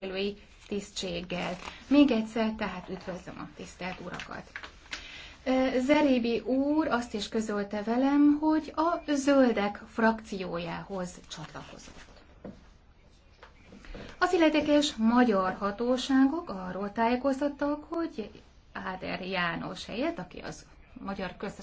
élői tisztséggel. Még egyszer, tehát üdvözlöm a tisztelt urakat. Zerébi úr azt is közölte velem, hogy a zöldek frakciójához csatlakozott. Az illetékes magyar hatóságok arról tájékoztattak, hogy Áder János helyett, aki az magyar köztes